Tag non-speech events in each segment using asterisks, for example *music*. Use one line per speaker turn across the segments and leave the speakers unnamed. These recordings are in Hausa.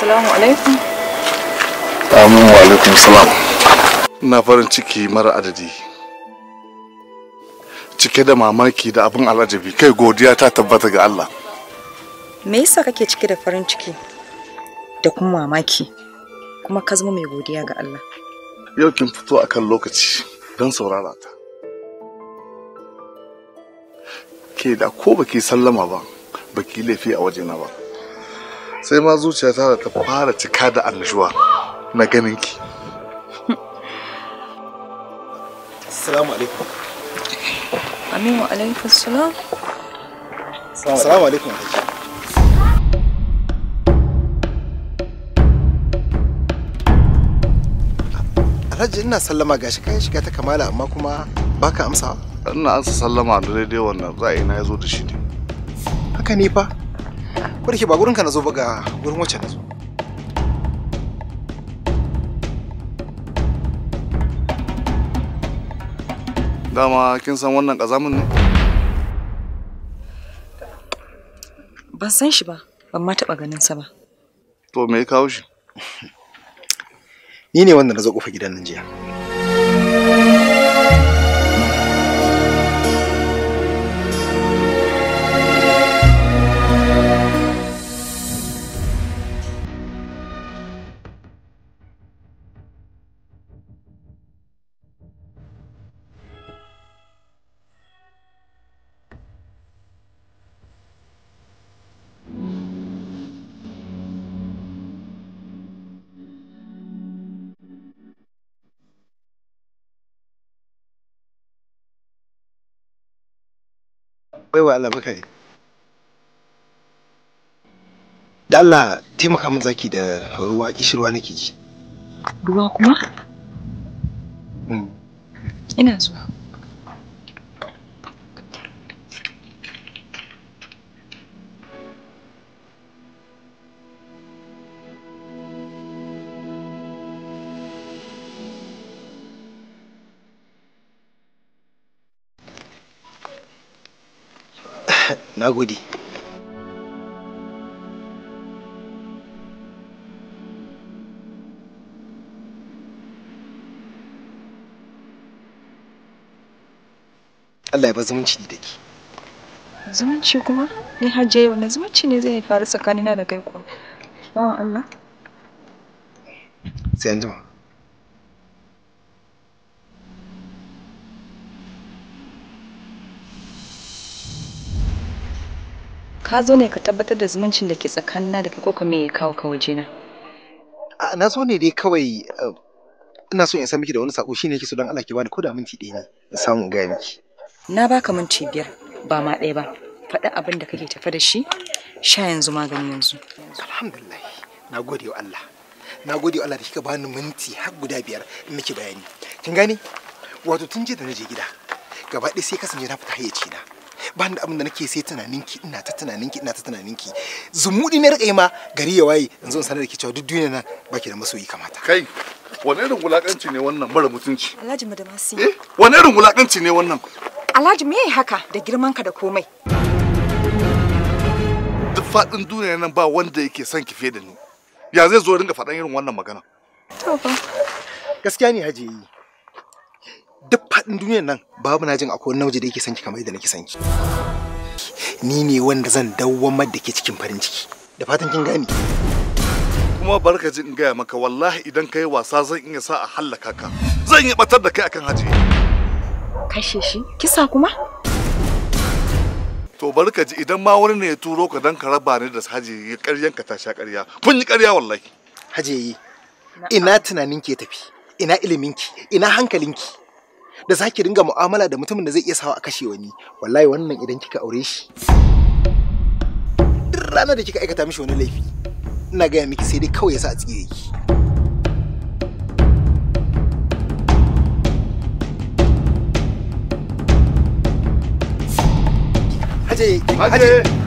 Assalamu alaikum.
Amin wa alaikum salam. na farin ciki mara adadi. Cike da mamaki da abin alajabi kai godiya ta tabbata ga Allah.
Me yasa kake cike da farin ciki da kuma mamaki kuma ka zama mai godiya ga Allah?
Yau kin fito akan lokaci don saurara ta. Ke da ko baki sallama ba, baki laifi a wajena ba. sai ma zuciyata ta fara cika da annashuwa na ganin ki assalamu alaikum
aminu alaikum salam
assalamu alaikum alhaji ina sallama gashi kai shiga ta kamala amma kuma baka amsawa
ina ansa sallama da daidai wannan ra'ayi na ya zo da shi ne
haka ne fa ko ba gurinka na zo ba ga gurin wacce na zo
dama kin san wannan ƙazamin ne?
Ban san shi ba, ban ma taɓa ba.
To me ya kawo shi?
*laughs* Ni ne wanda na zo ƙofa gidan nan jiya. baiwa Allah baka yi da Allah taimaka min zaki da ruwa kishirwa nake ji ruwa kuma mm. ina zuwa na gode Allah ya ba zumunci da ke.
Zumunci kuma? Ni hajjiyar yau na zumunci ne zai faru tsakanina da kai kuwa. Bawan Allah. Sai an jima. ka zo ne ka tabbatar da zumuncin da ke tsakanina da kai ko me ya kawo ka wajena
na zo ne dai kawai eh, ina so in san miki da wani sako shine ke so don Allah ki bani ko da minti ɗaya ne in samu ga miki
na baka minti biyar ba ma ɗaya ba faɗi abin da kake tafe da shi sha
yanzu magani yanzu alhamdulillah na gode wa Allah na gode wa Allah da kika bani minti har guda biyar in miki bayani kin gane wato tun jiya da na je gida gaba ɗaya sai kasance na fita hayyaci na ba da abin da nake sai ki ina ta ki ina ta ki zumudi ne rike ma gari ya waye yanzu in sanar da ke cewa duk duniya nan baki da masoyi kamata kai
wane irin wulakanci ne wannan mara mutunci
Alhaji
Madamasi
eh wane irin wulakanci ne wannan
Alhaji me haka da girman ka da komai
duk faɗin duniya nan ba wanda yake son ki fiye da ni ya zai zo ringa faɗan irin wannan magana
to fa gaskiya ne Hajiyi duk faɗin duniyar nan babu na jin akwai wani namiji da yake sanki kamar yadda nake sanki ni ne wanda zan dawwamar da ke cikin
farin ciki da fatan kin gane kuma barka ji in gaya maka wallahi idan kai wasa zan iya sa a hallaka ka zan iya batar da kai akan haji
kashe shi kisa kuma
to barka ji idan ma wani ne ya turo ka dan ka raba ni da haji ya karyan ka tasha karya kun yi karya wallahi haji
ina tunanin ke tafi ina iliminki ina hankalinki da zaki dinga mu'amala da mutumin da zai iya sawa a kashe wani wallahi wannan idan kika aure shi duk ranar da kika aikata mishi wani laifi ina gaya miki sai dai kawai sa a tsire ki haje.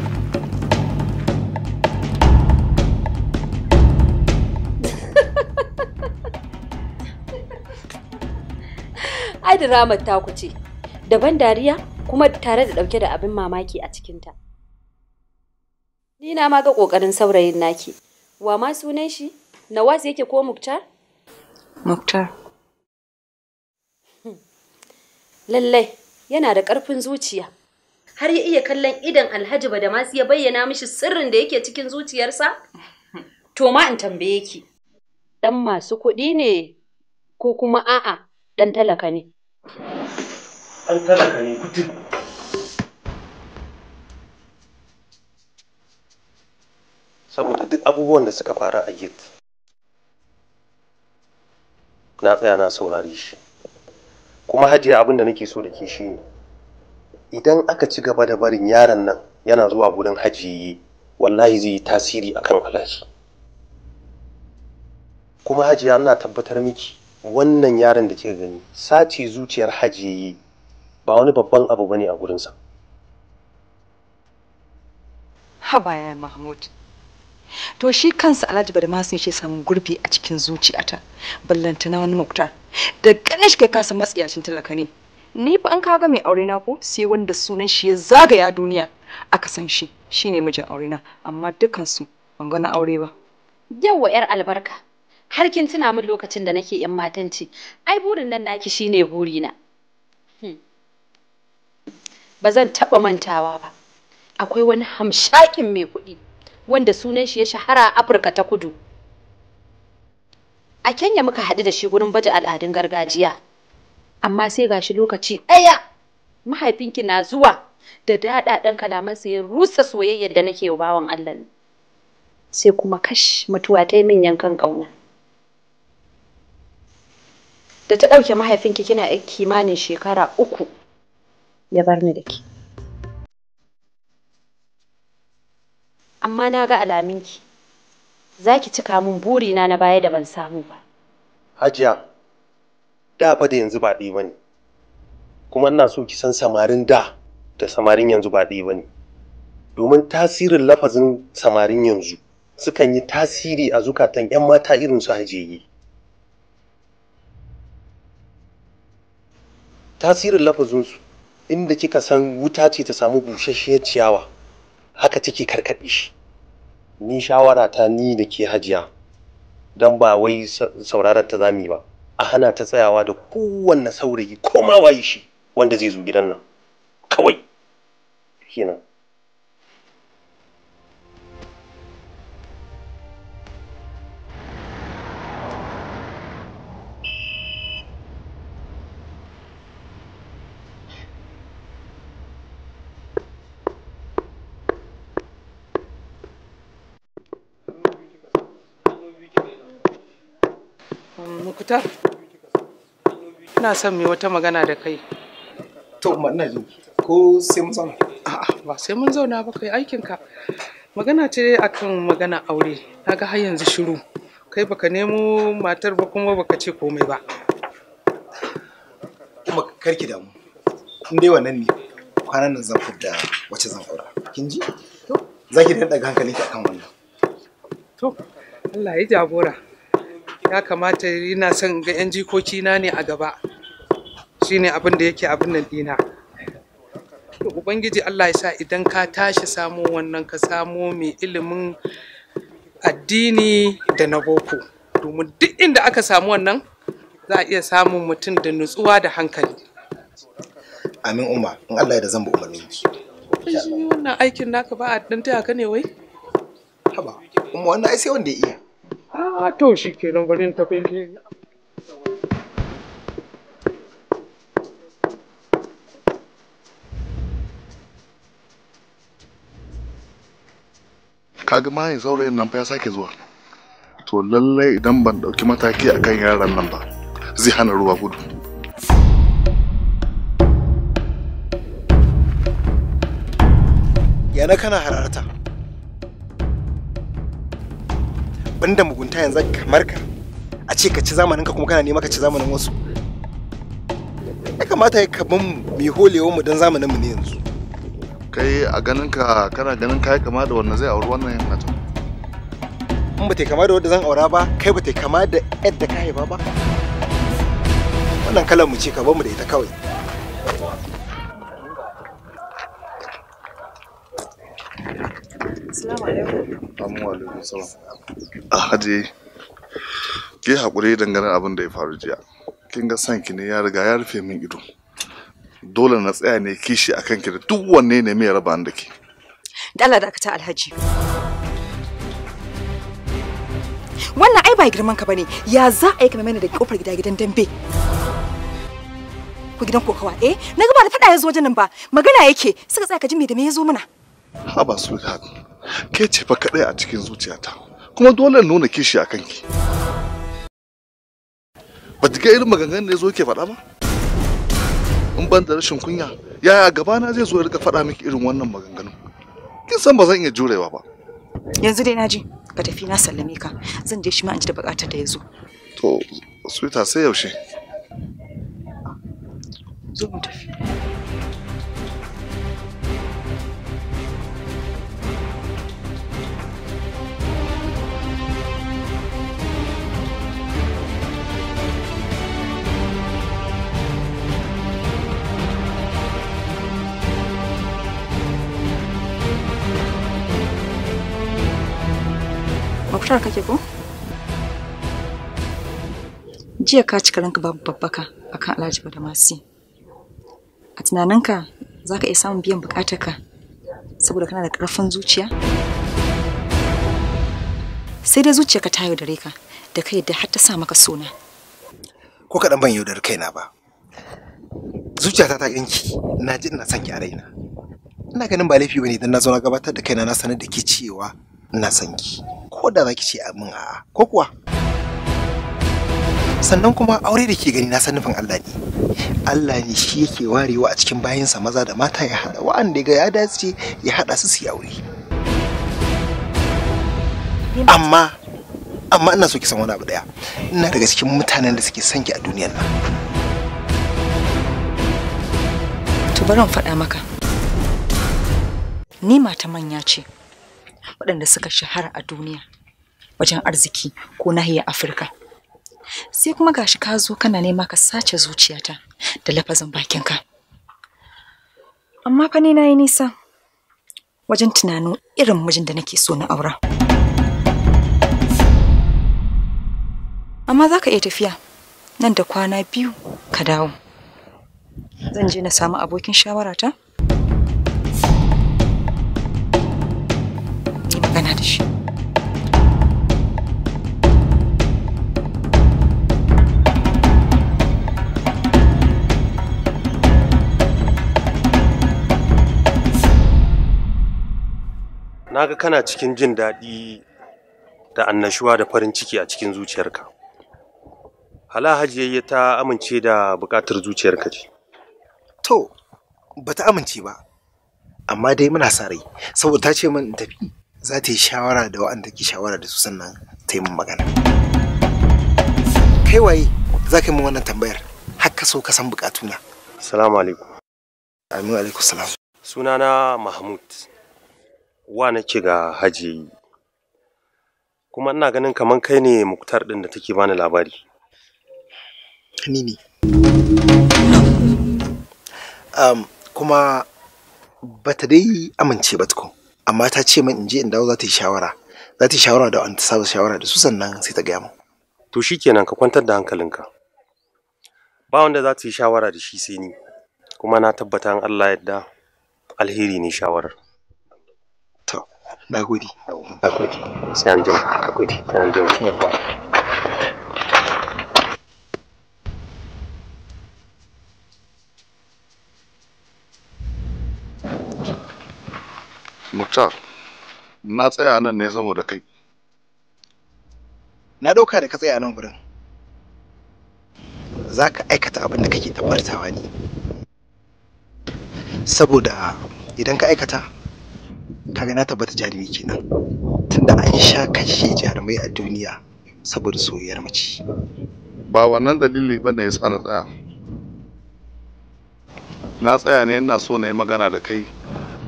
diramar taku ce, daban dariya kuma tare da ɗauke da abin mamaki a cikinta. Ni na ma ga ƙoƙarin saurayin naki, wa ma sunan shi? Nawaz yake ko Muktar? Muktar. Hmm. Lallai, yana da karfin zuciya. Har ya iya kallon idan Alhaji Badamasi ya bayyana mishi sirrin da yake cikin zuciyarsa? *laughs* To ma in tambaye ki. Dan masu kuɗi ne ko kuma a'a ɗan talaka ne?
an ne saboda duk abubuwan da suka fara a git na tsaya na saurari shi kuma hajiya abin da nake so da ke shi idan aka ci gaba da barin yaron nan yana zuwa gurin hajiyi wallahi zai yi tasiri akan alhaji kuma hajiya ina tabbatar miki wannan yaron da kika gani sace zuciyar hajiyi ba wani babban abu bane a gurinsa
haba ya mahmud to shi kansa alhaji bada masu yake samun gurbi a cikin zuciyata ballantana wani mukta da ganin shi kai kasa matsiyacin talaka ne ni fa an kaga mai aure na ko sai wanda sunan shi ya zagaya duniya aka san shi shine mijin aure na amma dukan su ban ga na aure ba
yawa yar albarka har kin tuna min lokacin da nake yan matanci ai burin nan naki shine burina ba zan taɓa mantawa ba akwai wani hamshakin mai kuɗi wanda sunan shi ya shahara a afirka ta kudu a kenya muka haɗu da shi gurin baje al'adun gargajiya amma sai gashi lokaci ɗaya mahaifinki na zuwa da daɗaɗen kalamansa ya rusa soyayyar da nake wa bawan allah sai kuma kash mutuwa ta yi min yankan ƙauna da ta ɗauke mahaifinki kina kimanin shekara uku ya bar ni da ke. Amma na ga alaminki, za ki cika min burina na baya da ban samu ba.
Hajiya, da fa da yanzu ba ɗaya ba ne, kuma ina so ki san samarin da da samarin yanzu ba ɗaya ba ne. Domin tasirin lafazin samarin yanzu sukan yi tasiri a zukatan 'yan mata irin su hajiyi. Tasirin lafazinsu inda kika san wuta ce ta samu busasshiyar ciyawa haka take karkaɗe shi ni shawara ta ni da ke hajiya don ba wai sauraron ta zami ba a hana ta tsayawa da kowanne saurayi ko ma shi wanda zai zo gidan nan kawai kenan
ina son mai wata magana da kai to manna jin ko sai mun zauna a'a ba sai mun zauna ba kai aikin ka magana ce akan magana aure naga har yanzu shiru kai baka nemo matar ba kuma baka ce komai ba kuma karki damu in dai wannan ne kwanan nan zan fidda wace zan aura kin ji zaki dan daga hankalinki akan wannan to Allah ya jagora ya kamata yana son ga 'yan jikoki na ne a gaba Shi ne abin da yake abin nan dina ubangiji allah ya sa idan ka tashi samo wannan ka samo mai ilimin addini da na boko domin duk inda aka samu wannan za a iya samun mutum da nutsuwa da hankali amin umma in allah ya da zan bi umarninki wannan aikin naka ba a dan taya ka ne wai haba kuma wannan ai sai wanda ya iya a ah, to shi kenan bari in tafi
kaga mayin saurayin nan fa ya sake zuwa to lallai idan ban ɗauki mataki akan yaran nan ba zai hana ruwa gudu
yana kana hararta abinda mugunta yanzu kamar ka a ce ka ci zamanin ka kuma kana nema ka ci zamanin wasu ya kamata ya kaban mai holewar mu don zamanin mu ne yanzu kai a ganin ka kana ganin kai kama da wannan zai auri wannan mata in ba ta kama da wanda zan aura ba kai ba ta kama da yadda ka haifa ba wannan kalan mu ce ka bar mu da ita kawai
Assalamu alaikum. salam. Alhaji ke haƙuri dangane abin da ya faru jiya. Kin ga san ne ya riga ya rufe min ido. Dole na tsaya ne kishi a ki da duk wanne ne mai raba da ke.
Dala da ta Alhaji. Wannan ai ba girman ka bane. Ya za a yi kame mana da kofar gida gidan dambe. Ku gidan kokawa eh na ga gaba da faɗa ya zo wajen nan ba magana yake suka tsaya ka ji me da me ya zo mana.
Haba sweetheart. ke ce fa kaɗai a cikin zuciyata kuma dole in nuna kishi a kanki ba ta irin maganganun da zo ke faɗa ba in ban da rashin kunya yaya gabana zai zo ya rika faɗa miki irin wannan maganganun kin san ba zan iya jurewa ba
yanzu dai naji ka tafi na sallame ka zan je shi ma in ji da bukatar da ya zo
to sweetheart sai yaushe zo mu tafi
muktar kake ko jiya ka cika ranka babu babbaka akan alhaji badamasi a tunaninka za ka iya samun biyan bukatarka saboda kana da karfin zuciya sai dai zuciyarka ta yaudare ka da kai da har ta sa maka suna
ko kaɗan ban yaudar kaina ba zuciyata ta yanki na ji ina son ki a raina ina ganin ba laifi bane idan na zo na gabatar da kaina na sanar da ke cewa ina son ki ko da zaki ce abin a'a ko kuwa sannan kuma aure da ke gani na san nufin Allah ne Allah ne shi yake warewa a cikin bayansa maza da mata ya haɗa wa'anda ga ya dace ya haɗa su su yi aure amma amma ina so ki san wani abu daya ina daga cikin mutanen da suke son ki a duniyar nan to bari faɗa maka
ni mata manya ce waɗanda suka shahara a duniya wajen arziki ko nahiyar afirka sai kuma gashi ka zo kana nema ka sace zuciyata da lafazin bakinka amma fa ni na yi nisa wajen tunanin irin mijin da nake so na aura amma za ka iya tafiya nan da kwana biyu ka dawo zan je na samu abokin shawarata magana da shi
ga kana cikin jin daɗi da annashuwa da farin ciki a cikin zuciyarka hala hajiyayya ta amince da buƙatar zuciyarka ce
to bata amince ba amma dai muna sa saboda ta ce min in tafi za ta yi shawara da wa'anda ke shawara da su sannan ta yi min magana kai waye za ka yi min wannan tambayar har ka so ka san bukatuna salamu alaikum
aminu alaikum salam sunana mahmud wa na ce ga Haji. kuma ina ganin kaman kai ne muktar din da take bani labari
ni ne um, kuma bata dai amince ba tukun amma ta ce min in je in dawo za ta yi shawara za ta yi shawara da wanda saba shawara da su sannan sai ta gaya mu. to shikenan ka kwantar da hankalinka
ba wanda za ta yi shawara da shi sai ni kuma na tabbata in Allah yadda alheri ne shawarar to na gode na gode sai an jima na gode sai an jima
Muktar, na tsaya nan ne saboda kai.
Na ɗauka da ka tsaya nan wurin. Za ka aikata abin da kake tabbartawa ne. Saboda idan ka aikata, kaga na tabbata jarumi kenan. Tunda an sha kashe jarumai a duniya saboda soyayyar mace.
Ba wannan dalili ba ne ya tsaya. Na tsaya ne ina so na yi magana da kai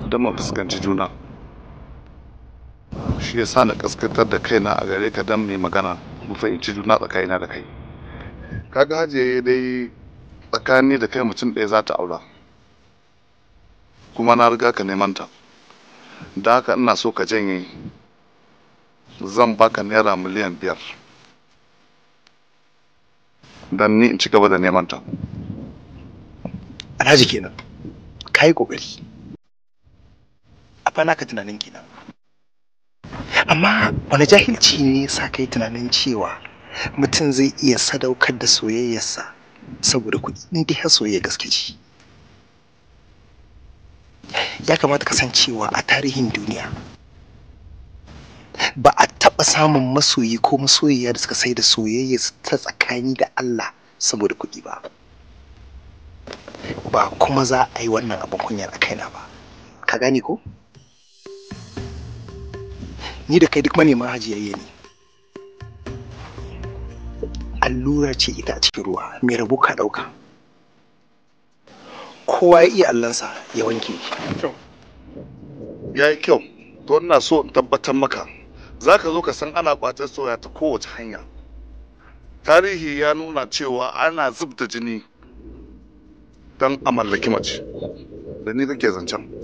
don mu fuskanci juna shi yasa na kaskantar da kaina a gare ka don mai magana mu fahimci juna tsakanina da kai kaga hajiye eh, dai tsakani da kai mutum ɗaya za ta aura kuma na riga ka neman ta da haka ina so ka janye zan baka naira miliyan biyar don ni in ci gaba da neman ta alhaji kenan
ka yi ƙoƙari fa naka tunanin kenan amma wani jahilci ne ya sa kai tunanin cewa mutum zai iya sadaukar da soyayyarsa saboda kuɗi in dai har soyayya gaske ce ya kamata ka san cewa a tarihin duniya ba a taɓa samun masoyi ko masoyiya da suka sai da soyayya ta tsakani da Allah saboda kuɗi ba ba kuma za a yi wannan abin kunyar a kaina ba ka gane ko ni da kai duk manema hajiyayye ne allura ce ita a cikin ruwa mai rabu ka ɗauka kowa ya iya allansa
ya wanke ya yi kyau to ina so in tabbatar maka za ka zo ka san ana kwatar soya ta kowace hanya tarihi ya nuna cewa ana zub jini don a mallaki mace da ni kake zancen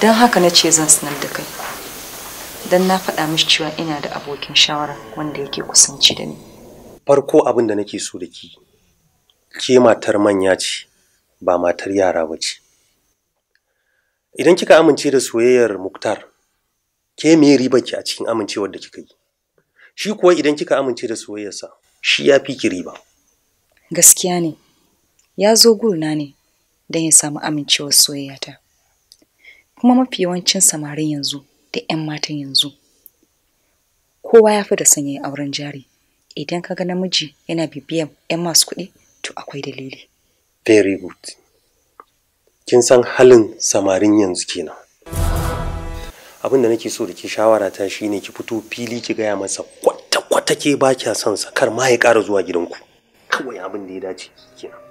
don haka na ce zan sanar da kai don na faɗa mishi cewa ina da abokin shawara wanda yake kusanci da ni
farko abin da nake so da ki ke matar manya ce ba matar yara ba ce idan kika amince da soyayyar muktar ke me riba ki a cikin amincewar da kika yi shi kuwa idan kika amince da soyayyarsa shi ya fi ki riba
gaskiya ne ya zo gurna ne don ya samu amincewar soyayyata kuma mafi yawancin samarin yanzu da 'yan matan yanzu kowa ya fi da sanya auren jari idan ka ga namiji yana bibiyan 'yan masu kuɗi to akwai dalili
very good kin san halin samarin yanzu kenan abin da nake so da ke shawara ta shine ki fito fili ki gaya masa kwata-kwata ke ba kya son sa kar ma ya ƙara zuwa gidanku kawai abin da ya dace kenan